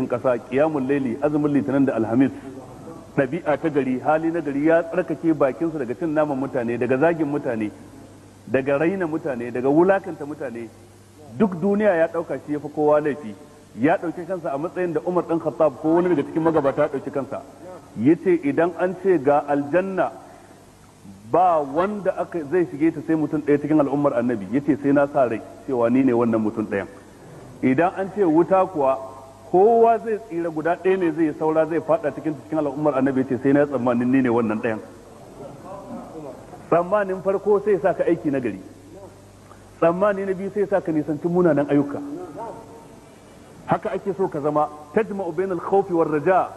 cikin ƙasa ƙiyamun laili azumin litinin da alhamis ɗabi'a ta gari hali na gari ya tsarkake bakinsa daga cin naman mutane daga zagin mutane daga raina mutane daga wulakanta mutane duk duniya ya ɗauka shi ya fi kowa laifi ya ɗauki kansa a matsayin da umar ɗan khattab ko wani daga cikin magabata ya ɗauki kansa ya ce idan an ce ga aljanna ba wanda aka zai shige ta sai mutum ɗaya cikin al'ummar annabi ya ce sai na sa rai cewa ni ne wannan mutum ɗayan idan an ce wuta kuwa kowa zai tsira guda ɗaya ne zai saura zai fada cikin cikin al'ummar annabi ce sai na tsammanin ni ne wannan ɗayan tsammanin farko sai sa ka aiki na gari tsammani na biyu sai sa ka nisanci munanan ayyuka haka ake so ka zama tajma'u bainal khawfi war raja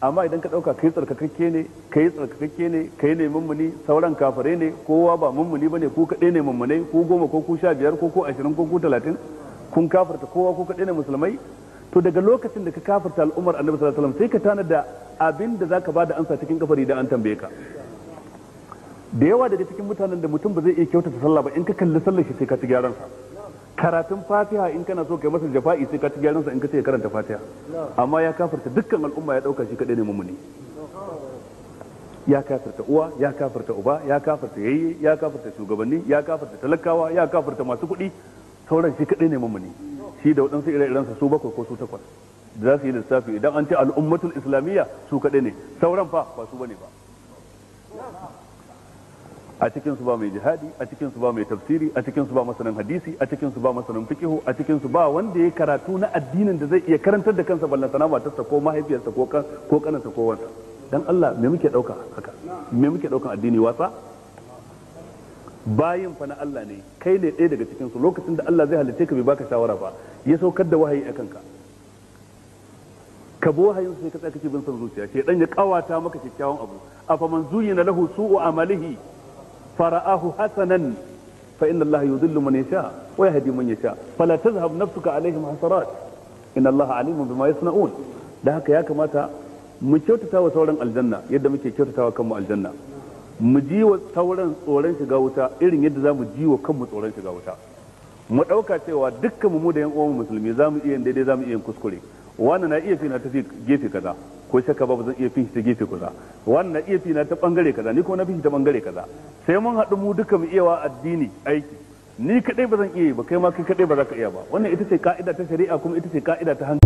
amma idan ka dauka kai tsarkakakke ne kai tsarkakakke ne kai ne mummuni sauran kafare ne kowa ba mummuni bane ko kadai ne mummunai ko goma ko ku sha biyar ko ku ashirin ko ku talatin kun kafarta kowa ko kadai ne musulmai to daga lokacin da ka kafarta al'ummar annabi sallallahu alaihi wasallam sai ka tanada abin da zaka bada amsa cikin kafari da an tambaye ka da yawa daga cikin mutanen da mutum ba zai iya kyautata sallah ba in ka kalli sallar shi sai ka ci gyaran sa karatun fatiha in kana so kai masa jafa'i sai ka ci gyaran sa in ka ce karanta fatiha amma ya kafarta dukkan al'umma ya dauka shi kadai ne mumuni ya kafarta uwa ya kafarta uba ya kafarta yayye ya kafarta shugabanni ya kafarta talakawa ya kafarta masu kuɗi sauran shi kadai ne mumuni shi da waɗansu ire-irensa su bakwai ko su takwas za su yi lissafi idan an ce al'ummatul islamiyya su kaɗai ne sauran fa ba su bane ba a cikin su ba mai jihadi a cikin su ba mai tafsiri a cikin su ba masanin hadisi a cikin su ba masanin fiqihu a cikin su ba wanda ya karatu na addinin da zai iya karantar da kansa ballan sana tasa ko mahaifiyarsa ko ko kanansa ko wanda dan Allah me muke dauka haka me muke daukan addini wasa bayin fa na Allah ne kai ne ɗaya daga cikin su lokacin da Allah zai halitta ka bai baka shawara ba ya saukar da wahayi akan ka ka bo wahayin sai ka tsaka bin san zuciya sai dan ya kawata maka kikkiawan abu afa man zuyina lahu su'u amalihi fara'ahu hasanan fa inna Allah yudhillu man yasha wa yahdi man yasha fala tazhab nafsuka alaihim hasarat inna Allah alimun bima yasna'un da haka ya kamata mu kyautata wa sauran aljanna yadda muke kyautata wa kanmu aljanna mu ji wa sauran tsoron shiga wuta irin yadda za mu ji wa kanmu tsoron shiga wuta mu ɗauka cewa dukkan mu da yan uwan musulmi za mu iya daidai za mu iya kuskure wannan na iya fina ta gefe kaza ko shakka ba zan iya shi ta gefe kaza wannan na iya fina ta bangare kaza ni kuma na fishi ta bangare kaza sai mun haɗu mu duka mu iya wa addini aiki ni kadai ba zan iya ba kai ma kai kadai ba za ka iya ba wannan ita ce ka'ida ta shari'a kuma ita ce ka'ida ta hankali